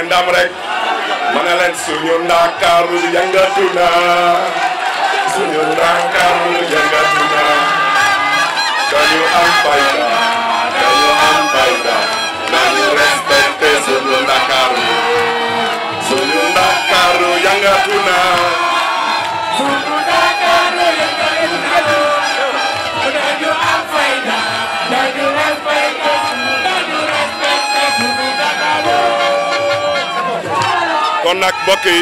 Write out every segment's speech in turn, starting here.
may ndam rek ma ne leen suñu Ndakaaru na suñu na dañu am fayda dañu am fayda nañu respecté suñu Ndakaaru suñu na kon nag mbokk yi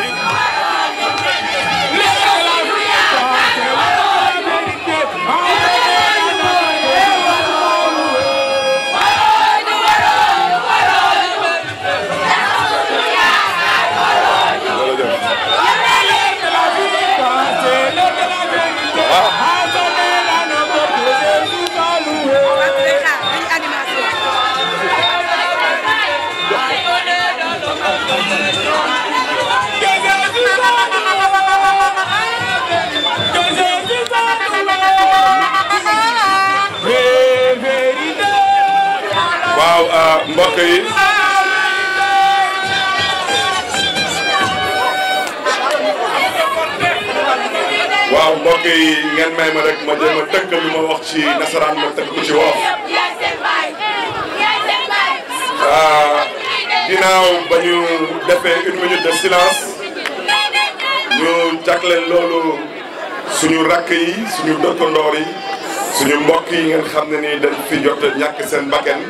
mbokk yi waaw mbokk yi ngeen may ma rek ma jéem a tënk lu ma wax ci nasaraan ma tënk ko ci wolof ah, ginnaaw ba ñu defee une minute de ñu jagleel loolu suñu rakk yi suñu dëkkandoor yi suñu mbokk yi ngeen xam ne ni dañ fi jot ñàkk seen bakkan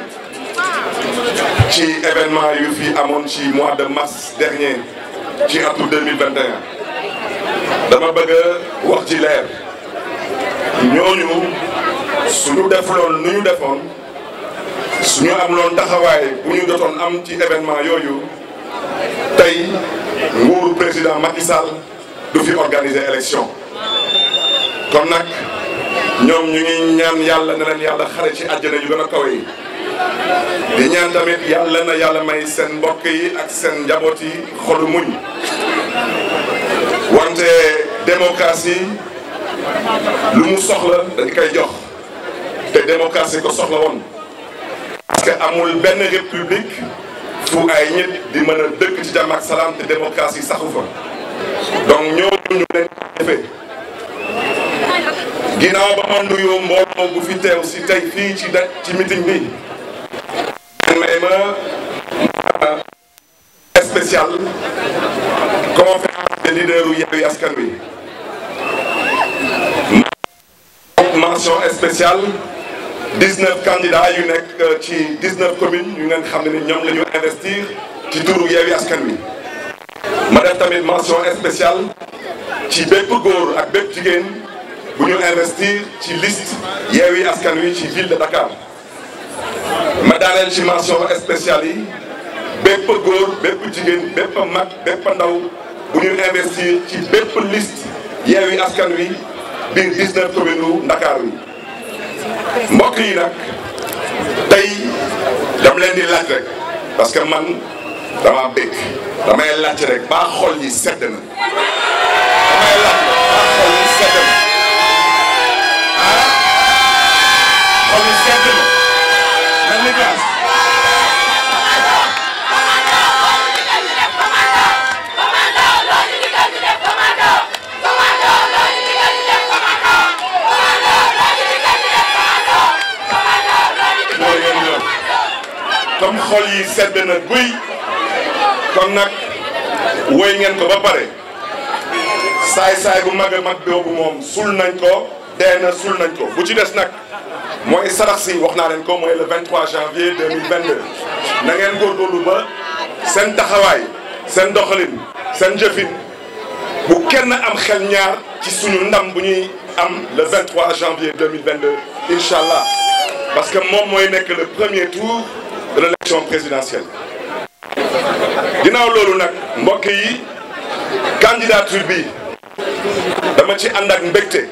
ci événement yu fi amoon ci mois de mars dernier ci atu 2021 dama bëgg wax ci leer ñooñu suñu defuloon nu ñu defoon suñu am loon taxawaay bu ñu jotoon am ci événement yooyu tey nguuru président Macky Sall du fi organiser élection kon nag ñoom ñu ngi ñaan yàlla ne yàlla xare ci àjjana yu gën a kawe yi di ñaan tamit yàlla na yàlla may seen mbokk yi ak seen njaboot yi xolu muñ wante démocratie lu mu soxla dañ koy jox te démocratie ko soxla woon parce que amul benn république fu ay ñit di mën a dëkk ci jàmm ak salaam te démocratie saxu fa donc ñooñu ñu leen defee ginnaaw ba ma nuyoo mbooloo bu fi teew si tey fii ci da ci meeting bi may ma euh, spécial conférence de Askan Wi mention spéciale dix-neuf yu nekk euh, ci dix-neuf communes yu xam ne ñoom la ñu ci turu Yewwi Askan Wi ma def tamit mention spéciale ci bépp góor ak bépp jigéen bu ñu investir ci liste Yewwi Askan Wi ci ville de Dakar ma daaneel ci mention spéciale yi bépp góor bépp jigéen bépp mag bépp ndaw bu ñu investir ci bépp liste Yewwi Askan Wi biir 19 communes yu Ndakaar mbokk yi nag tey dam leen di laaj rek parce que man dama bëgg damay laaj rek baa xol yi sedd na damay laaj baa xol yi sedd na ah? xol yi sedd na comme xol yi sedd na guy kon nag woy ngeen ko ba pare saay saay bu mag a mag doogu moom sul nañ ko dee na suul nañ ko bu ci des nag mooy sarax si wax naa nañ ko mooy le 23 janvier 2022 na ngeen lu ba seen taxawaay seen doxalin seen jëfin bu kenn am xel ñaar ci suñu ndam bu ñuy am le 23 janvier 2022 incha allah parce que moom mooy nekk le premier tour de l'élection présidentielle. ginnaaw loolu nag mbokk yi candidature bi dama ci ànd ak mbégte.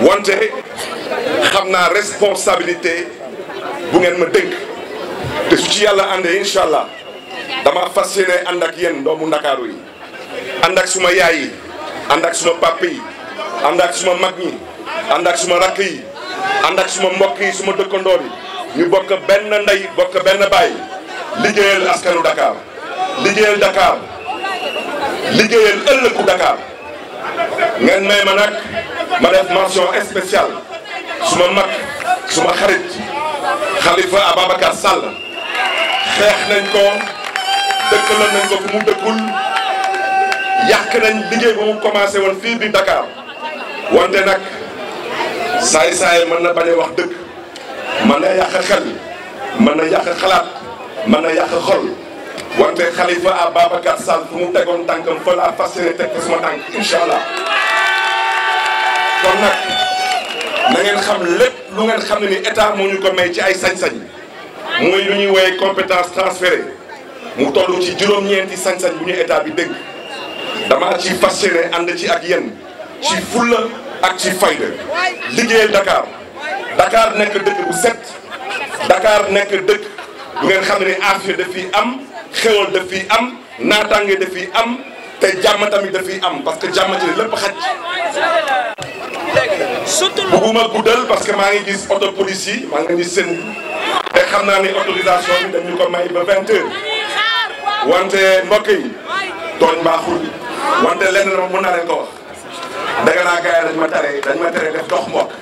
wante xam naa responsabilité bu ngeen ma dénk te su ci yàlla àndee incha allah dama fas yéene ànd ak yéen doomu ndakaaru yi ànd ak suma yaay yi ànd ak suma pàpp yi ànd ak suma mag ñi ànd ak suma rakk yi ànd ak suma mbokk yi suma dëkkandoor yi ñu bokk benn ndey bokk benn baay liggéeyal askanu Dakar liggéeyal Dakar liggéeyal ëllëgu Dakar ngeen may ma nag ma def mention spéciale su ma mag su ma xarit Khalifa Ababacar Sall xeex nañ ko dëkkaloon nañ ko fu mu dëkkul yàq nañ liggéey ba mu commencé woon fii bi Dakar wante nag saay saay mën na bañ a wax dëgg mën na yàq xel mën na yàq xalaat mën na yàq xol wante Khalifa Ababacar Sall fu mu tegoon tànkam fa laa fas yéene teg fa suma tànk incha allah. kon ngeen xam lépp lu ngeen xam ne ni état moo ñu ko may ci ay sañ-sañ muy lu ñuy woowee compétence transférée mu toll ci juróom-ñeenti sañ-sañ bu ñu état bi dégg dama ci fas yéene ànd ci ak yéen ci fulla ak ci fayda liggéeyal Dakar Dakar nekk dëkk bu set Dakar nekk dëkk bu ngeen xam ne affaire daf fiy am xéwal daf fiy am naataange daf fiy am te jàmm tamit daf am parce que jàmm ci lépp xaj. bëgguma guddal parce que maa ngi gis auto yi maa ngi leen seen te xam naa ni autorisation dañu ko may ba vingt heures wante mbokk yi tooñ baaxul wante lenn na mën naa leen ko wax daga naa gars dañ ma tere dañ ma tere def dox mbokk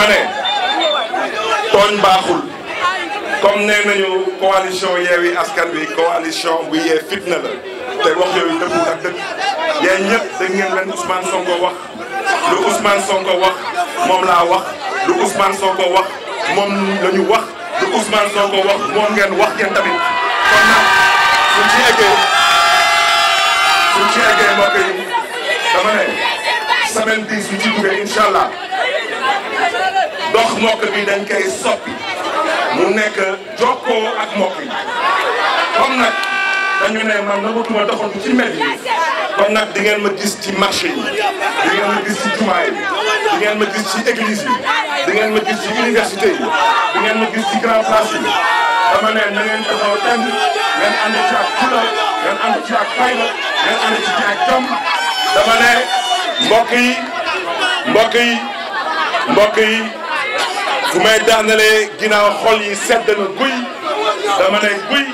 dama ne tooñ baaxul comme nee nañu coalition Yewwi Askan Wi coalition bu yee fitna la te wax yooyu dëggul ak dëgg yéen ñëpp dégg ngeen leen Ousmane Sonko wax lu Ousmane Sonko wax moom laa wax lu Ousmane Sonko wax moom la ñu wax lu Ousmane Sonko wax moom ngeen wax yéen tamit kon nag suñ ci eggee suñ ci eggee mbokk yi dama ne semaine bii suñ ci duggee incha allah ndax mokk bi dañ koy soppi mu nekk jokkoo ak mokk yi comme nag dañu ne man nangatuma doxantu ci mbedd yi nag di ngeen ma gis ci marché yi ma gis ci jumaa yi di ngeen ma gis ci église yi di ngeen ma gis ci université yi ngeen ma gis ci grand place yi dama ne na ci ak fulla ngeen ci ak fayda dama ne mbokk yi mbokk yi bu may daanalee ginnaaw xool yi set na guy dama ne guy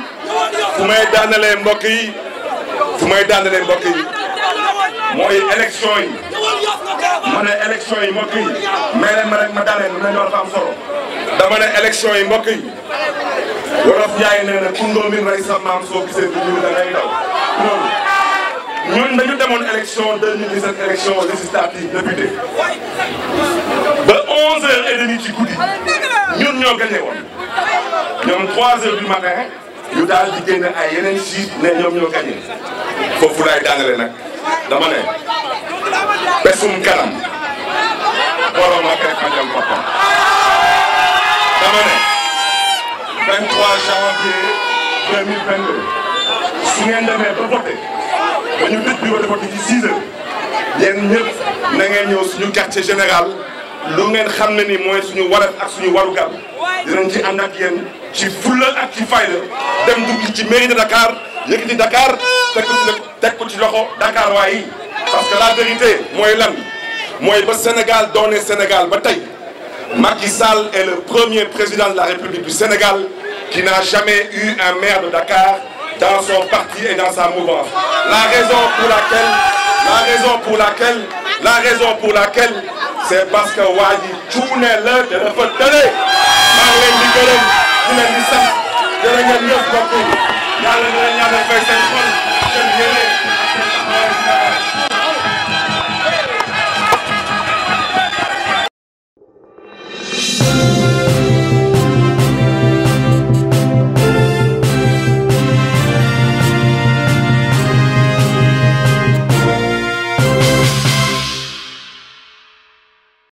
fu may daanalee mbokk yi fu may daanalee mbokk yi mooy élection yi ma ne élection yi mbokk yi may leen ma rek ma daaneel ma ne loolu dafa dama ne élection yi mbokk yi wolof yaay nee na kundoo mi rey sa maam soo gisee du ñuul da ngay daw loolu ñun dañu demoon élection 2017 élection législative député ba onze heures et demie ci guddi ñoo ñoom trois heures du matin ñu daal di génne ay yeneen six ne ñoom ñoo gagné foofu laay daanale nag dama ne pesum kanam borom ak rek ma jëm boppam dama ne 23 janvier 2022 su ngeen demee ba voté ba ñu tëj bi ba dafa ci 6 heures yéen ñëpp na ngeen ñëw suñu général lu ngeen xam ne ni mooy suñu warat ak suñu warugar dinañ ci ànd ak yéen ci fulla ak ci fayda dem dugg ci mairie de Dakar yëkkati Dakar teg ko ci loxo Dakar waay parce que la vérité mooy lan mooy ba Sénégal doone Sénégal ba tey Macky Sall est le premier président de la République du Sénégal qui n'a jamais eu un maire de Dakar dans son parti et dans sa mouvance la raison pour laquelle la raison pour laquelle la raison pour laquelle c'est parce que waa ji cuune la te dafa tële maa ngi leen di gërëm di leen di sant jërë ngeen ñëpp mbokk yi yàlla dina